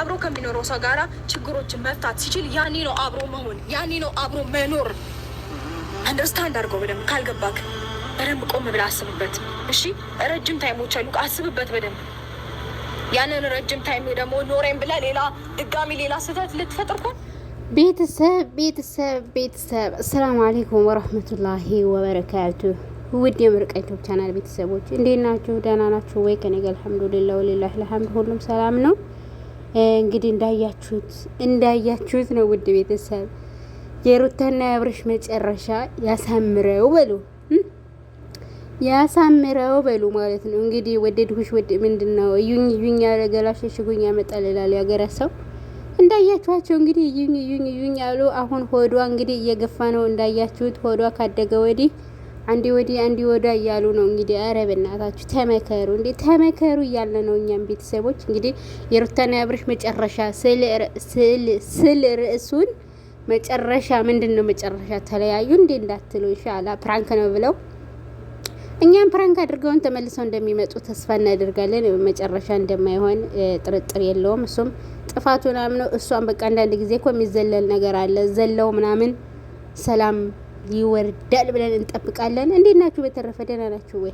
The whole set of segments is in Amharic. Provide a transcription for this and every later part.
አብሮ ከሚኖረው ሰው ጋራ ችግሮችን መፍታት ሲችል ያኔ ነው አብሮ መሆን፣ ያኔ ነው አብሮ መኖር። አንደርስታንድ አድርገው በደንብ ካልገባክ በደንብ ቆም ብለህ አስብበት። እሺ፣ ረጅም ታይሞች አሉ፣ አስብበት በደንብ ያንን ረጅም ታይም ደግሞ ኖሬን ብለህ ሌላ ድጋሚ ሌላ ስህተት ልትፈጥር ኮን ቤተሰብ ቤተሰብ ቤተሰብ። አሰላሙ አሌይኩም ወረህመቱላሂ ወበረካቱ። ውድ የምርቀኝ ቻናል ቤተሰቦች እንዴት ናችሁ? ደህና ናችሁ ወይ? ከኔ ጋር አልሐምዱሊላህ ወሊላሂል ሐምድ ሁሉም ሰላም ነው። እንግዲህ እንዳያችሁት እንዳያችሁት ነው ውድ ቤተሰብ የሩታና የአብርሽ መጨረሻ ያሳምረው በሉ ያሳምረው በሉ ማለት ነው። እንግዲህ ወደድሁሽ ወደ ምንድን ነው እዩኝ እዩኝ ያለ ገላሽ ሽጉኝ ያመጣል ይላል ያገረ ሰው። እንዳያችኋቸው እንግዲህ እዩኝ እዩኝ እዩኝ ያሉ አሁን ሆዷ እንግዲህ እየገፋ ነው። እንዳያችሁት ሆዷ ካደገ ወዲህ አንዴ ወዲህ አንዴ ወዳ እያሉ ነው እንግዲህ። ኧረ በእናታችሁ ተመከሩ እንዴ ተመከሩ እያለ ነው። እኛም ቤተሰቦች እንግዲህ የሩታና የአብርሽ መጨረሻ ስል ርዕሱን መጨረሻ ምንድን ነው? መጨረሻ ተለያዩ እንዴ እንዳትሉ ይሻላ ፕራንክ ነው ብለው እኛም ፕራንክ አድርገውን ተመልሰው እንደሚመጡ ተስፋ እናደርጋለን። መጨረሻ እንደማይሆን ጥርጥር የለውም። እሱም ጥፋቱን አምነው እሷን በቃ አንዳንድ ጊዜ እኮ የሚዘለል ነገር አለ ዘለው ምናምን ሰላም ይወርዳል ብለን እንጠብቃለን። እንዴት ናችሁ? በተረፈ ደህና ናችሁ ወይ?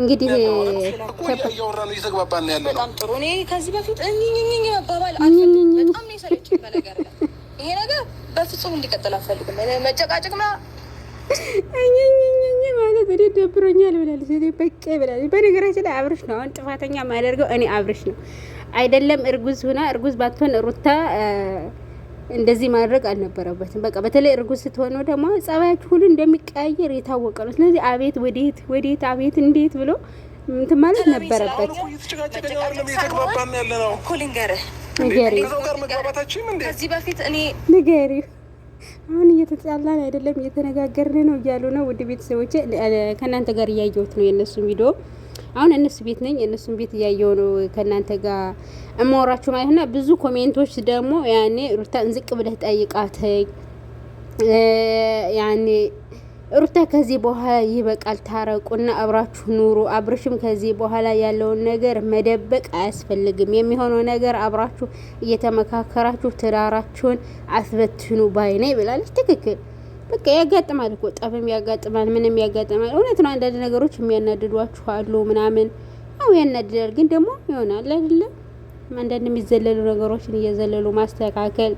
እንግዲህ እያወራን ነው በጣም ጥሩ። እኔ ከዚህ በፊት እኝኝኝ መባባል አልፈልግም። በጣም ነው የሰለችኝ ይሄ ነገር በፍጹም እንዲቀጥል አልፈልግም። መጨቃጨቅ ማለት እኔ ደብሮኛል ብላለች። እኔ ብላለች። በነገራችን ላይ አብርሽ ነው አሁን ጥፋተኛ የማደርገው እኔ አብርሽ ነው አይደለም እርጉዝ ሁና እርጉዝ ባትሆን ሩታ እንደዚህ ማድረግ አልነበረበትም። በቃ በተለይ እርጉዝ ስትሆነው ደግሞ ጸባያችሁ ሁሉ እንደሚቀያየር የታወቀ ነው። ስለዚህ አቤት ወዴት ወዴት አቤት እንዴት ብሎ እንትን ማለት ነበረበት። ንገሪው አሁን እየተጣላን አይደለም እየተነጋገርን ነው እያሉ ነው። ውድ ቤተሰቦች ከእናንተ ጋር እያየሁት ነው የእነሱን ቪዲዮ አሁን እነሱ ቤት ነኝ እነሱን ቤት እያየሁ ነው ከእናንተ ጋር እማወራችሁ ማለት ብዙ ኮሜንቶች ደግሞ ያኔ ሩታ ዝቅ ብለህ ጠይቃተኝ ያኔ ሩታ ከዚህ በኋላ ይበቃል፣ ታረቁና አብራችሁ ኑሩ። አብርሽም ከዚህ በኋላ ያለውን ነገር መደበቅ አያስፈልግም። የሚሆነው ነገር አብራችሁ እየተመካከራችሁ ትዳራችሁን አስበትኑ ባይ ነኝ ብላለች። ትክክል በቃ ያጋጥማል እኮ ጠብም ያጋጥማል፣ ምንም ያጋጥማል። እውነት ነው። አንዳንድ ነገሮች የሚያናድዷችሁ አሉ ምናምን፣ አዎ ያናድዳል። ግን ደግሞ ይሆናል አይደለም አንዳንድ የሚዘለሉ ነገሮችን እየዘለሉ ማስተካከል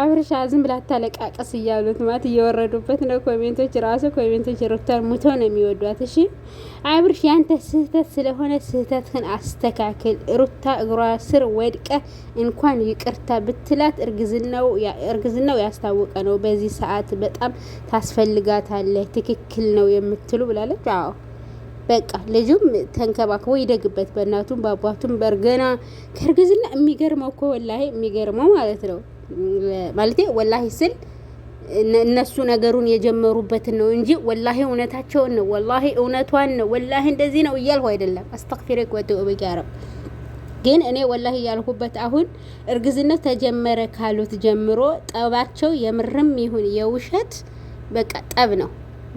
አብርሻ ዝም ብላ ታለቃቀስ እያሉት ማለት እየወረዱበት ነው። ኮሜንቶች ራሱ ኮሜንቶች ሩታን ሙቶ ነው የሚወዷት። እሺ አብርሽ ያንተ ስህተት ስለሆነ ስህተትህን አስተካክል። ሩታ እግሯ ስር ወድቀ እንኳን ይቅርታ ብትላት እርግዝናው ያስታወቀ ነው። በዚህ ሰዓት በጣም ታስፈልጋታለህ። ትክክል ነው የምትሉ ብላለች። አዎ በቃ ልጁም ተንከባክቦ ይደግበት በእናቱም በአባቱም በእርገና ከእርግዝና የሚገርመው እኮ ወላሂ የሚገርመው ማለት ነው ማለቴ ወላሂ ስል እነሱ ነገሩን የጀመሩበትን ነው እንጂ ወላሂ እውነታቸውን ነው፣ ወላሂ እውነቷን ነው፣ ወላሂ እንደዚህ ነው እያልሁ አይደለም። አስተግፊሩክ ወአቱቡ ኢለይህ። ግን እኔ ወላሂ ያልኩበት አሁን እርግዝነት ተጀመረ ካሉት ጀምሮ ጠባቸው የምርም ይሁን የውሸት በቃ ጠብ ነው።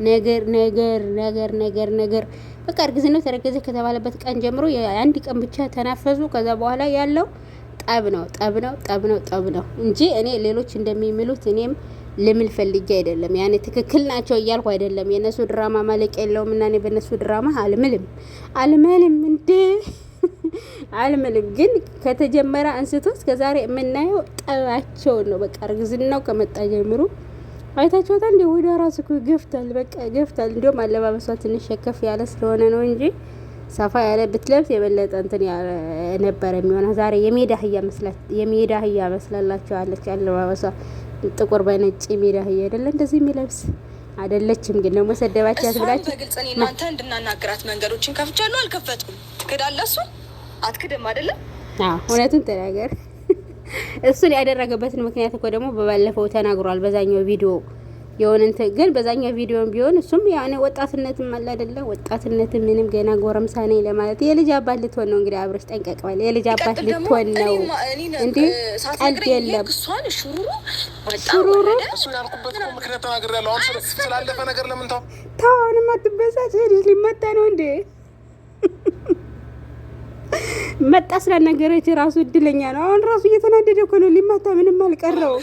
ነገር ነገር ነገር ነገር ነገር በቃ እርግዝነት ተረገዘ ከተባለበት ቀን ጀምሮ የአንድ ቀን ብቻ ተናፈሱ። ከዛ በኋላ ያለው ጠብ ነው ጠብ ነው ጠብ ነው ጠብ ነው እንጂ እኔ ሌሎች እንደሚምሉት እኔም ልምል ፈልጌ አይደለም። ያኔ ትክክል ናቸው እያልኩ አይደለም። የእነሱ ድራማ ማለቅ የለውም እና እኔ በእነሱ ድራማ አልምልም አልምልም እንዴ አልምልም። ግን ከተጀመረ አንስቶ እስከዛሬ የምናየው ጠባቸውን ነው። በቃ እርግዝናው ከመጣ ጀምሮ አይታችኋታል። እንዲ ወደ ራሱ ገፍታል፣ በቃ ገፍታል። እንዲሁም አለባበሷ ትንሽ ሸከፍ ያለ ስለሆነ ነው እንጂ ሰፋ ያለ ብትለብስ የበለጠ እንትን ነበረ የሚሆነ። ዛሬ የሜዳ አህያ መስላት የሜዳ አህያ መስላላቸዋለች። አለባበሷ ጥቁር በነጭ የሜዳ አህያ አይደለ እንደዚህ የሚለብስ አይደለችም። ግን ደግሞ ሰደባችሁት ብላችሁ በግልጽ እኔ እናንተ እንድናናግራት መንገዶችን ከፍቻለሁ አልከፈትኩም። ትክዳለህ። እሱ አትክድም አይደለም? አዎ እውነቱን ተናገር። እሱን ያደረገበትን ምክንያት እኮ ደግሞ በባለፈው ተናግሯል በዛኛው ቪዲዮ የሆነ እንትን ግን በዛኛው ቪዲዮም ቢሆን እሱም ያኔ ወጣትነትም አለ አይደለ? ወጣትነት ምንም ገና ጎረምሳ ነኝ ለማለት የልጅ አባት ልትሆን ነው። እንግዲህ አብረሽ ጠንቀቅ በል፣ የልጅ አባት ልትሆን ነው። እንዲ ቀልድ የለም። ሹሩሩ ታሁንም አትበሳጭ፣ ልጅ ሊመጣ ነው እንዴ? መጣ ስላናገረች ራሱ እድለኛ ነው። አሁን ራሱ እየተናደደ እኮ ነው። ሊማታ ምንም አልቀረው።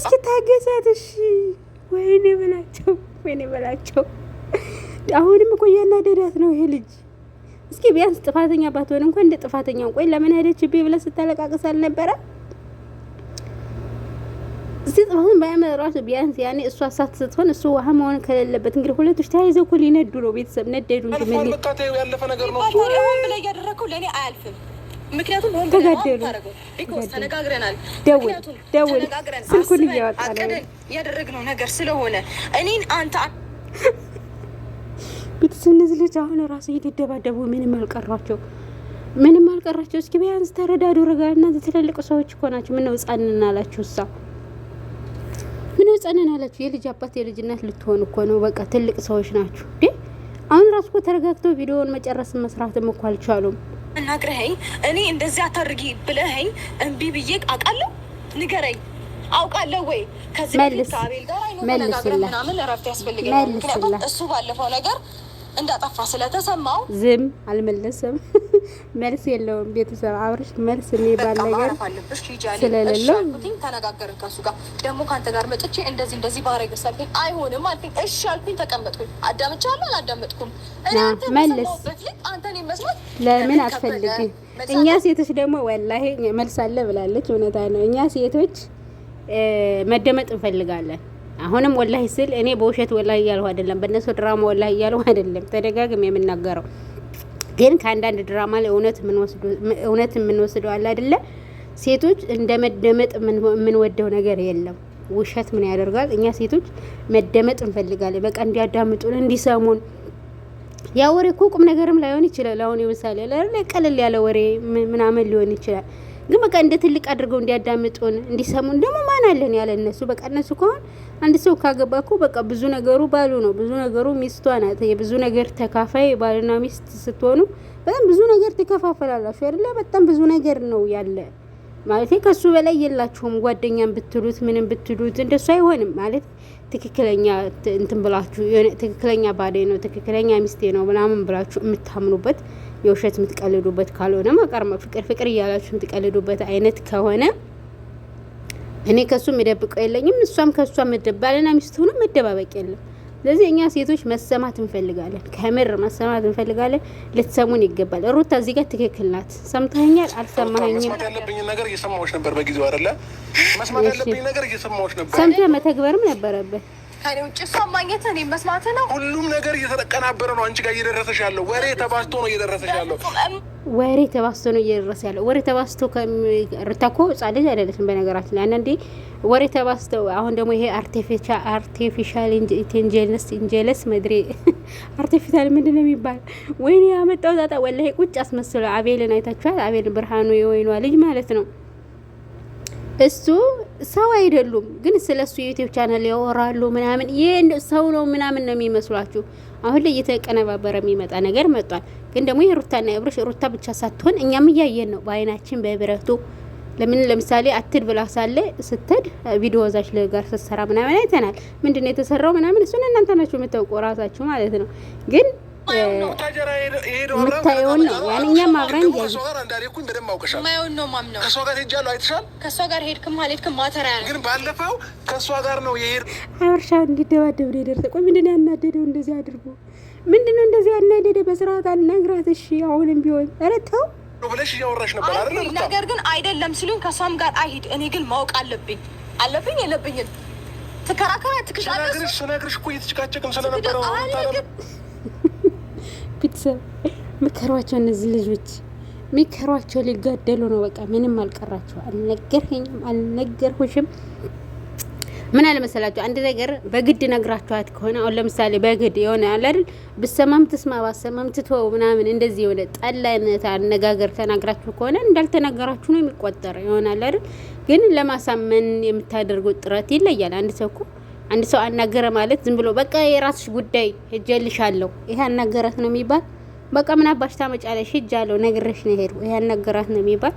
እስኪ ታገሳት። እሺ ወይኔ በላቸው፣ ወይኔ በላቸው። አሁንም እኮ እያናደዳት ነው ይሄ ልጅ። እስኪ ቢያንስ ጥፋተኛ ባትሆን እንኳን እንደ ጥፋተኛ ቆይ ለምን ሄደች ብ ብለ ስታለቃቅስ አልነበረ? ሲጥ አሁን በአእምሯት ቢያንስ ያኔ እሷ እሳት ስትሆን እሱ ውሃ መሆን ከሌለበት እንግዲህ ሁለቶች ተያይዘው እኮ ሊነዱ ነው። ቤተሰብ ነደዱ እንጂ ምን ያለፈ ነገር ነው። እሱ ሆን ብለ እያደረግከው ለእኔ አያልፍም። ምክንያቱም ሆን ብለህ ተነጋግረናል። ደውል ደውል፣ ስልኩን እያወጣ ነው ያደረግነው ነገር ስለሆነ እኔን አንተ ቤተሰብ እነዚህ ልጅ አሁን ራሱ እየተደባደቡ ምንም አልቀሯቸው ምንም አልቀራቸው። እስኪ ቢያንስ ተረዳዱ። ረጋ እናንተ ትልልቅ ሰዎች እኮ ናቸው። ምነው ህጻን እናላችሁ እሳ ጸነን አላችሁ የልጅ አባት የልጅ እናት ልትሆን እኮ ነው። በቃ ትልቅ ሰዎች ናችሁ። አሁን ራሱ እኮ ተረጋግተው ቪዲዮውን መጨረስን መስራትም እኮ አልቻሉም። ናግረኸኝ እኔ እንደዚህ አታርጊ ብለኸኝ እምቢ ብዬ አውቃለሁ። ንገረኝ አውቃለሁ ወይ ከዚህ በፊት ከአቤል ጋር አይኑ መነጋገር ምናምን እረፍት ያስፈልገኛል። ምክንያቱም እሱ ባለፈው ነገር እንዳጠፋ ስለተሰማው ዝም አልመለሰም። መልስ የለውም። ቤተሰብ አብርሽ መልስ የሚባል ነገር ስለሌለው ተነጋገር ከሱ ጋር ደግሞ ከአንተ ጋር መጥቼ እንደዚህ እንደዚህ ባረግ ሰብኝ አይሆንም አልኩኝ። እሺ አልኩኝ፣ ተቀመጥኩኝ። አዳምጫለሁ አላዳመጥኩም መልስ ለምን አትፈልግ? እኛ ሴቶች ደግሞ ወላሂ መልስ አለ ብላለች። እውነታ ነው። እኛ ሴቶች መደመጥ እንፈልጋለን። አሁንም ወላሂ ስል እኔ በውሸት ወላሂ እያልሁ አይደለም፣ በእነሱ ድራማ ወላሂ እያልሁ አይደለም። ተደጋግም የምናገረው ግን ከአንዳንድ ድራማ ላይ እውነት የምንወስደው አለ አይደለ? ሴቶች እንደ መደመጥ የምንወደው ነገር የለም። ውሸት ምን ያደርጋል? እኛ ሴቶች መደመጥ እንፈልጋለን። በቃ እንዲያዳምጡን፣ እንዲሰሙን። ያ ወሬ እኮ ቁም ነገርም ላይሆን ይችላል። አሁን ምሳሌ ቀለል ያለ ወሬ ምናምን ሊሆን ይችላል። ግን በቃ እንደ ትልቅ አድርገው እንዲያዳምጡን እንዲሰሙን ደግሞ ማን አለን ያለ እነሱ። በቃ እነሱ ከሆን አንድ ሰው ካገባ እኮ በቃ ብዙ ነገሩ ባሉ ነው፣ ብዙ ነገሩ ሚስቷ ናት። የብዙ ነገር ተካፋይ ባልና ሚስት ስትሆኑ በጣም ብዙ ነገር ትከፋፈላላችሁ አይደለ? በጣም ብዙ ነገር ነው ያለ ማለት ከሱ በላይ የላችሁም። ጓደኛም ብትሉት ምንም ብትሉት እንደሱ አይሆንም ማለት ትክክለኛ እንትን ብላችሁ ትክክለኛ ባሌ ነው ትክክለኛ ሚስቴ ነው ምናምን ብላችሁ የምታምኑበት የውሸት የምትቀልዱበት ካልሆነ ማቀር ፍቅር ፍቅር እያላችሁ የምትቀልዱበት አይነት ከሆነ እኔ ከሱ የምደብቀው የለኝም፣ እሷም ከእሷ ባልና ሚስት ሆኖ መደባበቅ የለም። ስለዚህ እኛ ሴቶች መሰማት እንፈልጋለን፣ ከምር መሰማት እንፈልጋለን። ልትሰሙን ይገባል። ሩታ እዚህ ጋር ትክክል ናት። ሰምተኸኛል? አልሰማኸኝም? መስማት ያለብኝ ነገር እየሰማዎች ነበር በጊዜው አይደለ? መስማት ያለብኝ ነገር እየሰማዎች ነበር። ሰምተህ መተግበርም ነበረብህ። ከኔ ውጭ እሷን ማግኘት እኔ መስማት ነው። ሁሉም ነገር እየተቀናበረ ነው። አንቺ ጋር እየደረሰሽ ያለው ወሬ ተባስቶ ነው እየደረሰሽ ያለው ወሬ ተባስቶ ነው እየደረሰ ያለው ወሬ ተባስቶ ሩታ ጻልጅ ሕጻን ልጅ አይደለችም። በነገራችን ላይ አንዳንዴ ወሬ ተባስቶ አሁን ደግሞ ይሄ አርቲፊሻል ኢንጀለስ ኢንጀለስ መድሬ አርቲፊሻል ምንድን ነው የሚባል ወይኔ ያመጣው ጣጣ ወላሂ ቁጭ አስመስለው አቤልን አይታችኋል? አቤል ብርሃኑ የወይኗ ልጅ ማለት ነው እሱ ሰው አይደሉም፣ ግን ስለ እሱ የዩቲዩብ ቻናል ያወራሉ ምናምን። ይህ ሰው ነው ምናምን ነው የሚመስሏችሁ። አሁን ላይ እየተቀነባበረ የሚመጣ ነገር መጥቷል። ግን ደግሞ የሩታና የብሮሽ ሩታ ብቻ ሳትሆን እኛም እያየን ነው በአይናችን በብረቱ። ለምን ለምሳሌ አትድ ብላ ሳለ ስትድ ቪዲዮ ዛች ጋር ስትሰራ ምናምን አይተናል። ምንድነው የተሰራው ምናምን፣ እሱን እናንተ ናችሁ የምታውቁ ራሳችሁ ማለት ነው ግን የምታየውን ነው። ያን እኛም አብረን እያየን የማየውን ነው እንዲደባደብ ነው የደረሰ። ቆይ ምንድን ያናደደው? እንደዚህ አድርጎ ምንድን ነው እንደዚህ ያናደደ? በስርዓት አናግራት። እሺ አሁንም ቢሆን ኧረ ተው ብለሽ እያወራሽ ነበር አይደል? ነገር ግን አይደለም ሲሉኝ ከእሷም ጋር አይሂድ። እኔ ግን ማወቅ አለብኝ አለብኝ የለብኝም። ትከራከራ ትክሻለሽ። ስነግርሽ እኮ እየተጨቃጨቅን ስለነበረ ቤተሰብ ምከሯቸው፣ እነዚህ ልጆች ምከሯቸው፣ ሊጋደሉ ነው። በቃ ምንም አልቀራቸው። አልነገርኝም፣ አልነገርኩሽም። ምን አለ አንድ ነገር በግድ ነግራችኋት ከሆነ አሁን ለምሳሌ በግድ የሆነ አለ አይደል፣ ብሰማም ትስማ ባሰማም ትተው ምናምን እንደዚህ የሆነ ጠላነት አነጋገር ተናግራችሁ ከሆነ እንዳልተናገራችሁ ነው የሚቆጠር ይሆናል አይደል። ግን ለማሳመን የምታደርገው ጥረት ይለያል። አንድ ሰው እኮ አንድ ሰው አናገረ ማለት ዝም ብሎ በቃ የራስሽ ጉዳይ ሄጀልሻለሁ፣ ይሄ አናገራት ነው የሚባል? በቃ ምን አባሽ ታመጫለሽ? ሄጃለሁ፣ ነግሬሽ ነው ሄዱ፣ ይሄ አናገራት ነው የሚባል?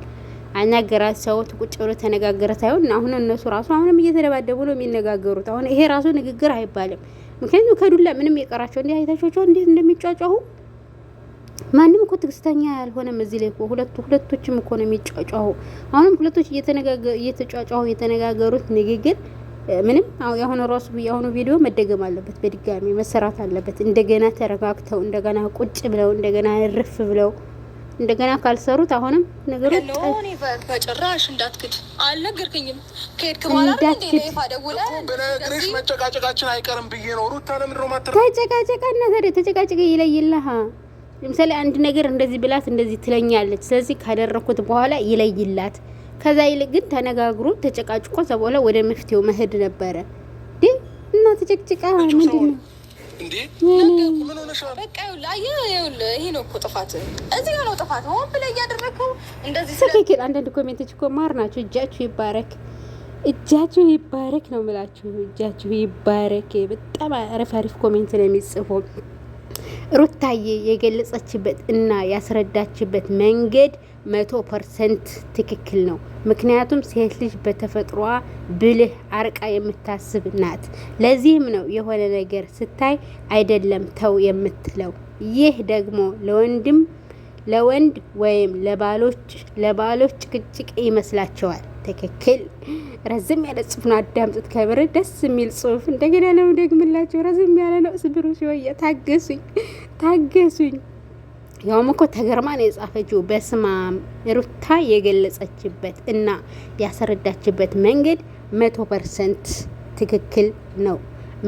አናገራት ሰው ትቁጭ ብሎ ተነጋገረ ሳይሆን አሁን እነሱ ራሱ አሁንም እየተደባደቡ ነው የሚነጋገሩት። አሁን ይሄ ራሱ ንግግር አይባልም። ምክንያቱም ከዱላ ምንም የቀራቸው እንዲህ አይታቸው እንዴት እንደሚጫጫሁ ማንም እኮ ትዕግስተኛ ያልሆነም እዚህ ላይ እኮ ሁለቱ ሁለቶችም እኮ ነው የሚጫጫሁ። አሁንም ሁለቶች እየተነጋገሩ እየተጫጫሁ የተነጋገሩት ንግግር ምንም የሆነ ራሱ የአሁኑ ቪዲዮ መደገም አለበት፣ በድጋሚ መሰራት አለበት። እንደገና ተረጋግተው እንደገና ቁጭ ብለው እንደገና ርፍ ብለው እንደገና ካልሰሩት አሁንም ነገሩ በጭራሽ እንዳትክድ አልነገርክኝም። ከሄድክ በኋላ ግሬስ መጨቃጨቃችን አይቀርም ብዬ ነው። ሩታ ለምድሮ እና ታዲያ ተጨቃጨቀ ይለይልሃ። ለምሳሌ አንድ ነገር እንደዚህ ብላት እንደዚህ ትለኛለች። ስለዚህ ካደረኩት በኋላ ይለይላት ከዛ ይልቅ ግን ተነጋግሮ ተጨቃጭቆ እዛ በኋላ ወደ መፍትሄው መሄድ ነበረ። ዲ እና ተጨቅጭቃ ምንድን ነው በቃ ይሄ ነው ነው እንደዚህ አንዳንድ ኮሜንቶች እኮ ማር ናቸው። እጃችሁ ይባረክ፣ እጃችሁ ይባረክ ነው የምላችሁ። እጃችሁ ይባረክ። በጣም አሪፍ አሪፍ ኮሜንት ነው የሚጽፈው። ሩታዬ የገለጸችበት እና ያስረዳችበት መንገድ መቶ ፐርሰንት ትክክል ነው። ምክንያቱም ሴት ልጅ በተፈጥሯ ብልህ አርቃ የምታስብ ናት። ለዚህም ነው የሆነ ነገር ስታይ አይደለም ተው የምትለው። ይህ ደግሞ ለወንድም ለወንድ ወይም ለባሎች ለባሎች ጭቅጭቅ ይመስላቸዋል። ትክክል። ረዝም ያለ ጽሁፍ ነው አዳምጡት። ከምር ደስ የሚል ጽሁፍ እንደገና ነው ደግምላቸው። ረዝም ያለ ነው። ስብሩ ሲወየ ታገሱኝ፣ ታገሱኝ። ያውም እኮ ተገርማ ነው የጻፈችው። በስማም ሩታ የገለጸችበት እና ያስረዳችበት መንገድ መቶ ፐርሰንት ትክክል ነው።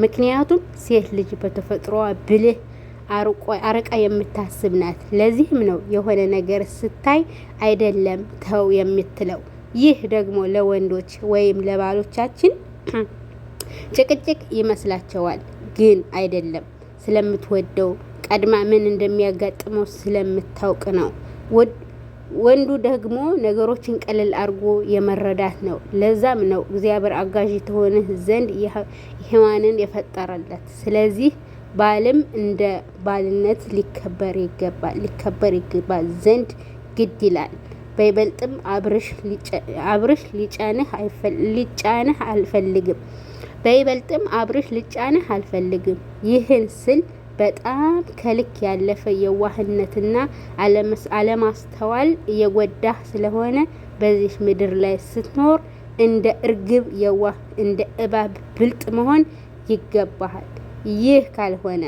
ምክንያቱም ሴት ልጅ በተፈጥሮዋ ብልህ አርቃ የምታስብ ናት። ለዚህም ነው የሆነ ነገር ስታይ አይደለም ተው የምትለው። ይህ ደግሞ ለወንዶች ወይም ለባሎቻችን ጭቅጭቅ ይመስላቸዋል፣ ግን አይደለም። ስለምትወደው ቀድማ ምን እንደሚያጋጥመው ስለምታውቅ ነው። ወንዱ ደግሞ ነገሮችን ቀለል አድርጎ የመረዳት ነው። ለዛም ነው እግዚአብሔር አጋዥ ተሆንህ ዘንድ ሔዋንን የፈጠረለት። ስለዚህ ባልም እንደ ባልነት ሊከበር ይገባል ሊከበር ይገባል ዘንድ ግድ ይላል። በይበልጥም አብርሽ ሊጫንህ አልፈልግም በይበልጥም አብርሽ ሊጫንህ አልፈልግም። ይህን ስል በጣም ከልክ ያለፈ የዋህነትና አለማስተዋል እየጎዳህ ስለሆነ በዚህ ምድር ላይ ስትኖር እንደ እርግብ የዋህ እንደ እባብ ብልጥ መሆን ይገባሃል። ይህ ካልሆነ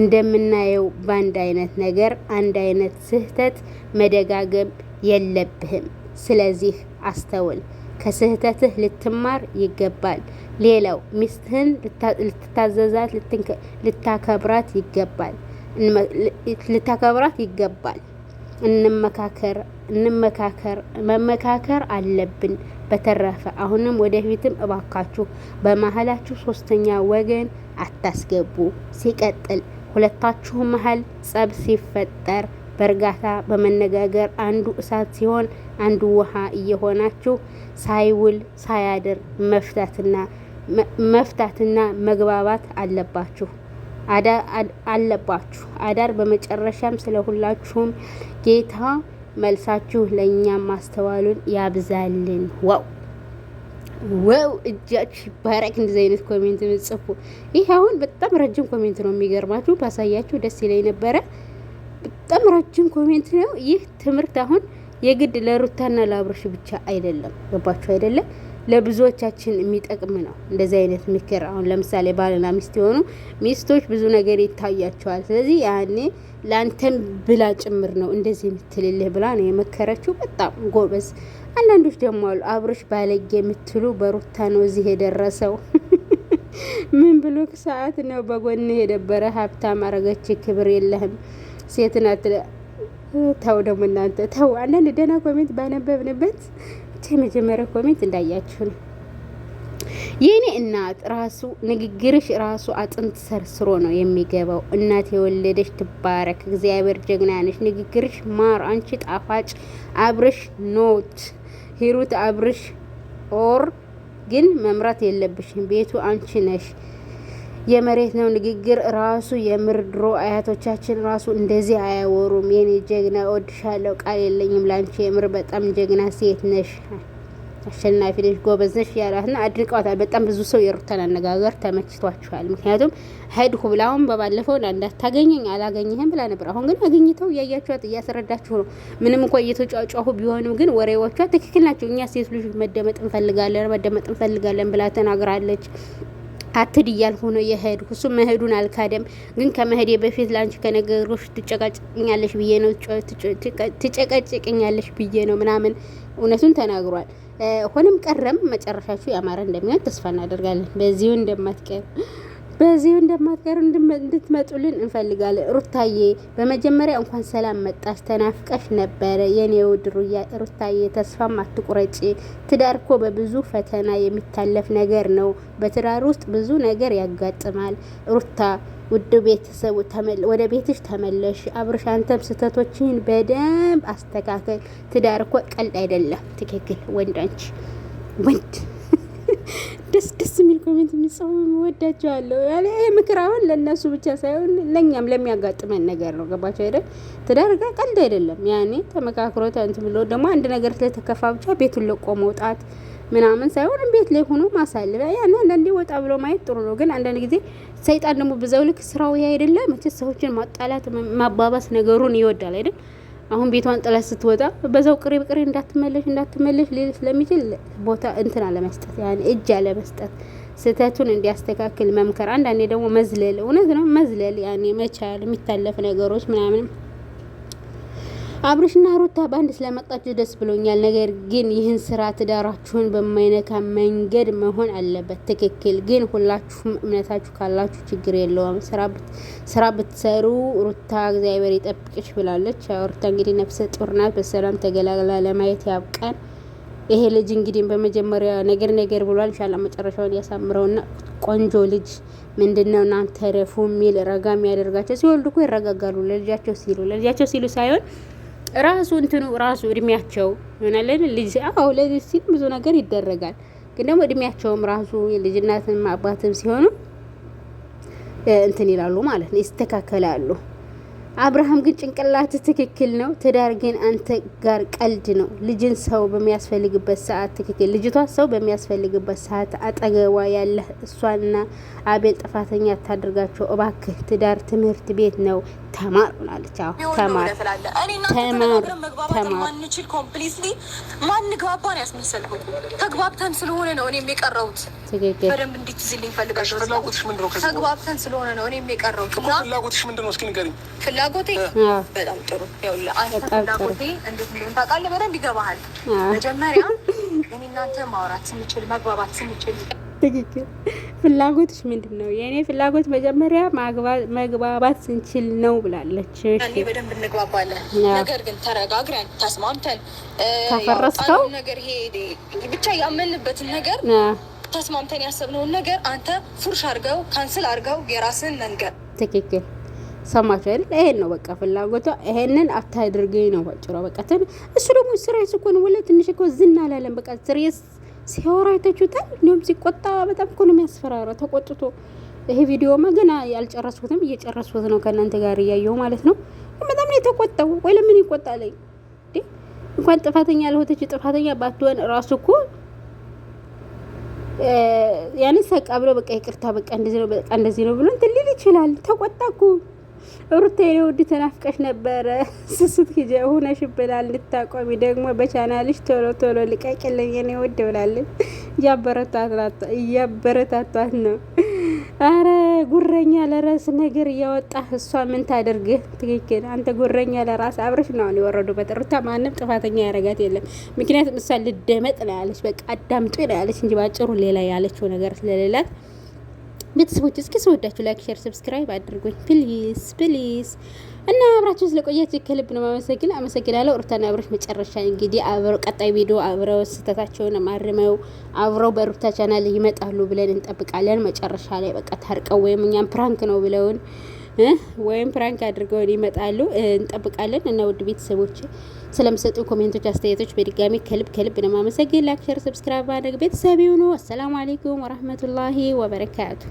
እንደምናየው በአንድ አይነት ነገር አንድ አይነት ስህተት መደጋገም የለብህም። ስለዚህ አስተውል፣ ከስህተትህ ልትማር ይገባል። ሌላው ሚስትህን ልትታዘዛት፣ ልታከብራት ይገባል ልታከብራት ይገባል። እንመካከር እንመካከር መመካከር አለብን። በተረፈ አሁንም ወደፊትም እባካችሁ በመሀላችሁ ሶስተኛ ወገን አታስገቡ። ሲቀጥል ሁለታችሁ መሀል ጸብ ሲፈጠር በእርጋታ በመነጋገር አንዱ እሳት ሲሆን አንዱ ውሃ እየሆናችሁ ሳይውል ሳያድር መፍታትና መፍታትና መግባባት አለባችሁ አለባችሁ አዳር። በመጨረሻም ስለ ሁላችሁም ጌታ መልሳችሁ ለእኛም ማስተዋሉን ያብዛልን። ዋው ዋው እጃች ባረክ እንደዚህ አይነት ኮሜንት ምጽፉ። ይህ አሁን በጣም ረጅም ኮሜንት ነው። የሚገርማችሁ ባሳያችሁ ደስ ይለኝ ነበረ። በጣም ረጅም ኮሜንት ነው። ይህ ትምህርት አሁን የግድ ለሩታና ለአብርሽ ብቻ አይደለም። ገባችሁ አይደለም? ለብዙዎቻችን የሚጠቅም ነው። እንደዚህ አይነት ምክር አሁን ለምሳሌ ባልና ሚስት የሆኑ ሚስቶች ብዙ ነገር ይታያቸዋል። ስለዚህ ያኔ ለአንተም ብላ ጭምር ነው እንደዚህ የምትልልህ ብላ ነው የመከረችው። በጣም ጎበዝ አንዳንዶች ደግሞ አሉ አብርሽ ባለጌ የምትሉ በሩታ ነው እዚህ የደረሰው። ምን ብሎክ ሰዓት ነው በጎን የደበረ ሀብታም አረገች ክብር የለህም ሴትናት ተው ደግሞ እናንተ ተው። አንዳንድ ደህና ኮሜንት ባነበብንበት የመጀመሪያ ኮሜንት እንዳያችሁ ነው። የኔ እናት ራሱ ንግግርሽ ራሱ አጥንት ሰርስሮ ነው የሚገባው። እናት የወለደች ትባረክ፣ እግዚአብሔር ጀግና ነሽ። ንግግርሽ ማር፣ አንቺ ጣፋጭ አብረሽ ኖት ሂሩት አብርሽ ኦር ግን መምራት የለብሽም ቤቱ አንቺ ነሽ። የመሬት ነው ንግግር ራሱ የምር ድሮ አያቶቻችን ራሱ እንደዚህ አያወሩም። የኔ ጀግና እወድሻለሁ፣ ቃል የለኝም ላንቺ። የምር በጣም ጀግና ሴት ነሽ። አሸናፊ ነሽ፣ ጎበዝ ነሽ ያላትና አድንቀዋታል። በጣም ብዙ ሰው የሩታን አነጋገር ተመችቷችኋል። ምክንያቱም ሄድኩ ብላ አሁን በባለፈው እንዳታገኘኝ አላገኘህም ብላ ነበር። አሁን ግን አገኝተው እያያችኋት እያስረዳችሁ ነው። ምንም እንኳ እየተጫጫሁ ቢሆንም ግን ወሬዎቿ ትክክል ናቸው። እኛ ሴት ልጅ መደመጥ እንፈልጋለን፣ መደመጥ እንፈልጋለን ብላ ተናግራለች። አትድ እያልኩ ነው የሄድኩ። እሱ መሄዱን አልካደም። ግን ከመሄዴ በፊት ለአንቺ ከነገሮች ትጨቃጭቅኛለሽ ብዬ ነው ትጨቀጭቅኛለሽ ብዬ ነው ምናምን እውነቱን ተናግሯል። ሆነም ቀረም መጨረሻችሁ ያማረ እንደሚሆን ተስፋ እናደርጋለን። በዚሁ እንደማትቀር በዚሁ እንደማትቀር እንድትመጡልን እንፈልጋለን። ሩታዬ በመጀመሪያ እንኳን ሰላም መጣሽ፣ ተናፍቀሽ ነበረ የኔ ውድ ሩታዬ። ተስፋም አትቁረጪ። ትዳር እኮ በብዙ ፈተና የሚታለፍ ነገር ነው። በትዳር ውስጥ ብዙ ነገር ያጋጥማል ሩታ ውድ ቤተሰቡ ወደ ቤትሽ ተመለሽ። አብርሽ አንተም ስህተቶችን በደንብ አስተካከል። ትዳር እኮ ቀልድ አይደለም። ትክክል ወንዳንች ወንድ ደስ ደስ የሚል ኮሜንት የሚጽፉ ወዳቸዋለሁ። ይህ ምክር አሁን ለእነሱ ብቻ ሳይሆን ለእኛም ለሚያጋጥመን ነገር ነው። ገባቸው አይደል? ትዳር ጋር ቀልድ አይደለም። ያኔ ተመካክሮ እንትን ብሎ ደግሞ አንድ ነገር ስለተከፋ ብቻ ቤቱን ለቆ መውጣት ምናምን ሳይሆን ቤት ላይ ሆኖ ማሳለፍ ያን አንዳንዴ ወጣ ብሎ ማየት ጥሩ ነው። ግን አንዳንድ ጊዜ ሰይጣን ደግሞ በዛው ልክ ስራው ያ አይደለ መቼ ሰዎችን ማጣላት ማባባስ ነገሩን ይወዳል አይደል? አሁን ቤቷን ጥላት ስትወጣ በዛው ቅሬ ቅሬ እንዳትመለሽ እንዳትመለሽ ሌል ስለሚችል ቦታ እንትን አለመስጠት ያን እጅ አለመስጠት ስህተቱን እንዲያስተካክል መምከር። አንዳንዴ ደግሞ መዝለል እውነት ነው መዝለል ያኔ መቻል የሚታለፍ ነገሮች ምናምን አብርሽና ሩታ በአንድ ስለመጣችሁ ደስ ብሎኛል። ነገር ግን ይህን ስራ ትዳራችሁን በማይነካ መንገድ መሆን አለበት። ትክክል። ግን ሁላችሁም እምነታችሁ ካላችሁ ችግር የለውም። ስራ ብትሰሩ ሩታ እግዚአብሔር ይጠብቅሽ ብላለች። ሩታ እንግዲህ ነፍሰ ጡር ናት። በሰላም ተገላግላ ለማየት ያብቃን። ይሄ ልጅ እንግዲህ በመጀመሪያ ነገር ነገር ብሏል። ኢንሻአላ መጨረሻውን ያሳምረውና ቆንጆ ልጅ ምንድነው እናንተ ረፉ የሚል ረጋ የሚያደርጋቸው ሲወልዱ እኮ ይረጋጋሉ። ለልጃቸው ሲሉ ለልጃቸው ሲሉ ሳይሆን ራሱ እንትኑ ራሱ እድሜያቸው ይሆናለን ልጅ አዎ ለልጅ ሲል ብዙ ነገር ይደረጋል። ግን ደግሞ እድሜያቸውም ራሱ የልጅናትም አባትም ሲሆኑ እንትን ይላሉ ማለት ነው፣ ይስተካከላሉ። አብርሃም ግን ጭንቅላት ትክክል ነው። ትዳር ግን አንተ ጋር ቀልድ ነው። ልጅን ሰው በሚያስፈልግበት ሰዓት ትክክል ልጅቷ ሰው በሚያስፈልግበት ሰዓት አጠገቧ ያለህ እሷና አቤል ጥፋተኛ ታደርጋቸው እባክህ። ትዳር ትምህርት ቤት ነው። ተማር ሆናለች። አሁን ተማር ተማር ተማር ኮምፕሊትሊ ማንግባባ ነው ያስመሰልኩት። ተግባብተን ስለሆነ ነው እኔም የቀረሁት። በደንብ እንድትይዝልኝ ፈልጋለሁ። ተግባብተን ስለሆነ ነው እኔም የቀረሁት። ፍላጎትሽ ምንድን ነው? እስኪ ንገሪኝ። ፍላጎቴ በጣም ጥሩ። አንተ ፍላጎቴ እንዴት እንደሆነ ታውቃለህ፣ በደንብ ይገባሃል። መጀመሪያ እኔ እናንተ ማውራት ስንችል መግባባት ስንችል ትክክል። ፍላጎትሽ ምንድን ነው? የእኔ ፍላጎት መጀመሪያ መግባባት ስንችል ነው ብላለች። እኔ በደንብ እንግባባለን፣ ነገር ግን ተረጋግረን ተስማምተን ተፈረስከው ነገር ይሄ ብቻ ያመንበትን ነገር ተስማምተን ያሰብነውን ነገር አንተ ፉርሽ አርገው ካንስል አርገው የራስን መንገር ትክክል ሰማችሁ አይደል? ይሄን ነው በቃ ፍላጎቷ። ይሄንን አታድርገኝ ነው ጭሮ በቃ እሱ ደግሞ ስራ ስኮን ወለ ትንሽ እኮ ዝና አላለም። በቃ ስሬስ ሲያወራ አይታችሁታል። እንዲሁም ሲቆጣ በጣም እኮ ነው የሚያስፈራራ ተቆጥቶ። ይሄ ቪዲዮማ ገና ያልጨረስኩትም እየጨረስኩት ነው ከእናንተ ጋር እያየው ማለት ነው። በጣም ነው የተቆጣው። ወይ ለምን ይቆጣል እንኳን ጥፋተኛ ለሆተች ጥፋተኛ ባትሆን ራሱ እኮ ያንን ሰቃ ብሎ በቃ ይቅርታ በቃ እንደዚህ ነው በቃ እንደዚህ ነው ብሎ እንትን ሊል ይችላል። ተቆጣኩ ሩታ የኔ ውድ ተናፍቀሽ ነበረ። ስስት ሂጀ ሁነሽብናል። ልታቆሚ ደግሞ በቻናልሽ ቶሎ ቶሎ ልቀቅልኝ የኔ ውድ ብላለች። እያበረታቷት ነው። አረ ጉረኛ ለራስ ነገር እያወጣ እሷ ምን ታደርግህ? ትክክል አንተ ጉረኛ ለራስ አብረሽ ነው አሁን የወረዱ በጥሩታ ማንም ጥፋተኛ ያረጋት የለም። ምክንያቱም እሷ ልደመጥ ነው ያለች፣ በቃ አዳምጡ ነው ያለች እንጂ ባጭሩ ሌላ ያለችው ነገር ስለሌላት ቤተሰቦች እስኪ ስወዳችሁ ላይክ፣ ሼር፣ ሰብስክራይብ አድርጉኝ ፕሊስ ፕሊስ። እና አብራችሁ ስለቆያችሁ ከልብ ነው ማመሰግን አመሰግናለሁ። ሩታና አብሮች መጨረሻ እንግዲህ አብረው ቀጣይ ቪዲዮ አብረው ስህተታቸውን ማርመው አብረው በሩታ ቻናል ይመጣሉ ብለን እንጠብቃለን። መጨረሻ ላይ በቃ ታርቀው ወይም እኛም ፕራንክ ነው ብለውን ወይም ፕራንክ አድርገው ይመጣሉ። እንጠብቃለን። እና ውድ ቤተሰቦች ስለምሰጡ ኮሜንቶች፣ አስተያየቶች በድጋሚ ከልብ ከልብ ለማመሰግን ላይክ፣ ሼር፣ ሰብስክራይብ ማድረግ ቤተሰብ ይሁኑ። አሰላሙ አሌይኩም ወረህመቱላሂ ወበረካቱ